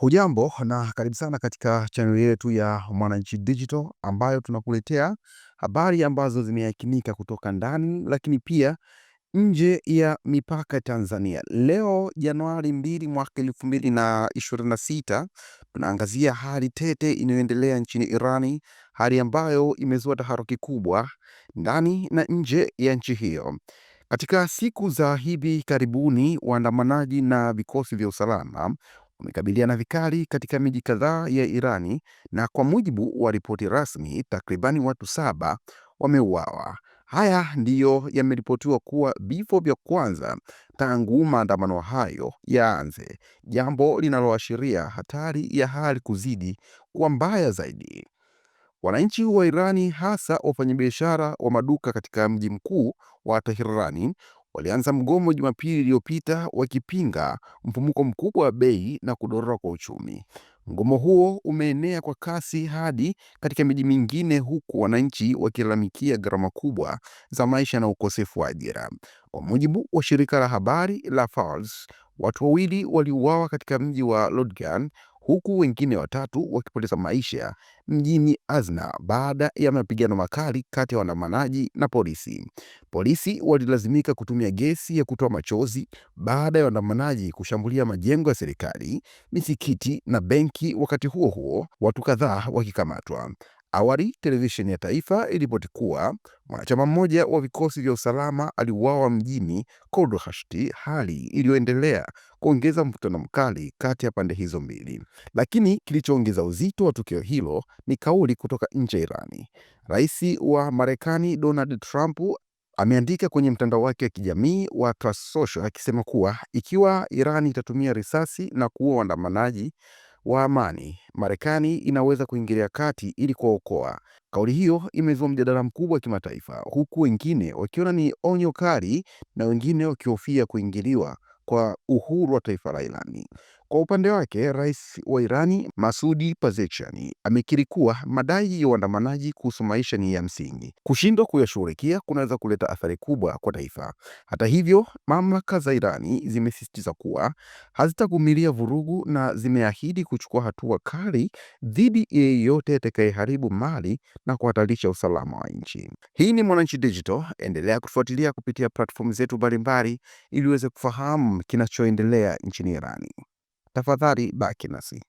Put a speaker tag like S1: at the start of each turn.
S1: Hujambo na karibu sana katika chaneli yetu ya Mwananchi Digital ambayo tunakuletea habari ambazo zimeyakinika kutoka ndani lakini pia nje ya mipaka ya Tanzania. Leo Januari 2 mwaka 2026, tunaangazia hali tete inayoendelea nchini Irani, hali ambayo imezua taharuki kubwa ndani na nje ya nchi hiyo. Katika siku za hivi karibuni, waandamanaji na vikosi vya usalama wamekabiliana vikali katika miji kadhaa ya Irani na kwa mujibu wa ripoti rasmi, takribani watu saba wameuawa. Haya ndiyo yameripotiwa kuwa vifo vya kwanza tangu maandamano hayo yaanze, jambo linaloashiria hatari ya hali kuzidi kuwa mbaya zaidi. Wananchi wa Irani, hasa wafanyabiashara wa maduka katika mji mkuu wa Teherani, walianza mgomo Jumapili iliyopita wakipinga mfumuko mkubwa wa bei na kudorora kwa uchumi. Mgomo huo umeenea kwa kasi hadi katika miji mingine huku wananchi wakilalamikia gharama kubwa za maisha na ukosefu wa ajira. Kwa mujibu wa shirika la habari la Fars, watu wawili waliuawa katika mji wa Lodgan huku wengine watatu wakipoteza maisha mjini Azna baada ya mapigano makali kati ya waandamanaji na polisi. Polisi walilazimika kutumia gesi ya kutoa machozi baada ya waandamanaji kushambulia majengo ya serikali, misikiti na benki. Wakati huo huo, watu kadhaa wakikamatwa. Awali televisheni ya taifa iliripoti kuwa mwanachama mmoja wa vikosi vya usalama aliuawa mjini Cordhashte, hali iliyoendelea kuongeza mvutano mkali kati ya pande hizo mbili. Lakini kilichoongeza uzito wa tukio hilo ni kauli kutoka nje ya Irani. Rais wa Marekani Donald Trump ameandika kwenye mtandao wake wa kijamii wa Truth Social akisema kuwa ikiwa Irani itatumia risasi na kuua waandamanaji wa amani, Marekani inaweza kuingilia kati ili kuwaokoa. Kauli hiyo imezua mjadala mkubwa wa kimataifa, huku wengine wakiona ni onyo kali na wengine wakihofia kuingiliwa kwa uhuru wa taifa la Irani. Kwa upande wake, rais wa Irani Masudi Pazechani amekiri kuwa madai ya waandamanaji kuhusu maisha ni ya msingi, kushindwa kuyashughulikia kunaweza kuleta athari kubwa kwa taifa. Hata hivyo, mamlaka za Irani zimesisitiza kuwa hazitavumilia vurugu na zimeahidi kuchukua hatua kali dhidi ya yeyote atakayeharibu mali na kuhatarisha usalama wa nchi. Hii ni Mwananchi Digital, endelea kutufuatilia kupitia platform zetu mbalimbali ili uweze kufahamu kinachoendelea nchini Irani. Tafadhali baki nasi.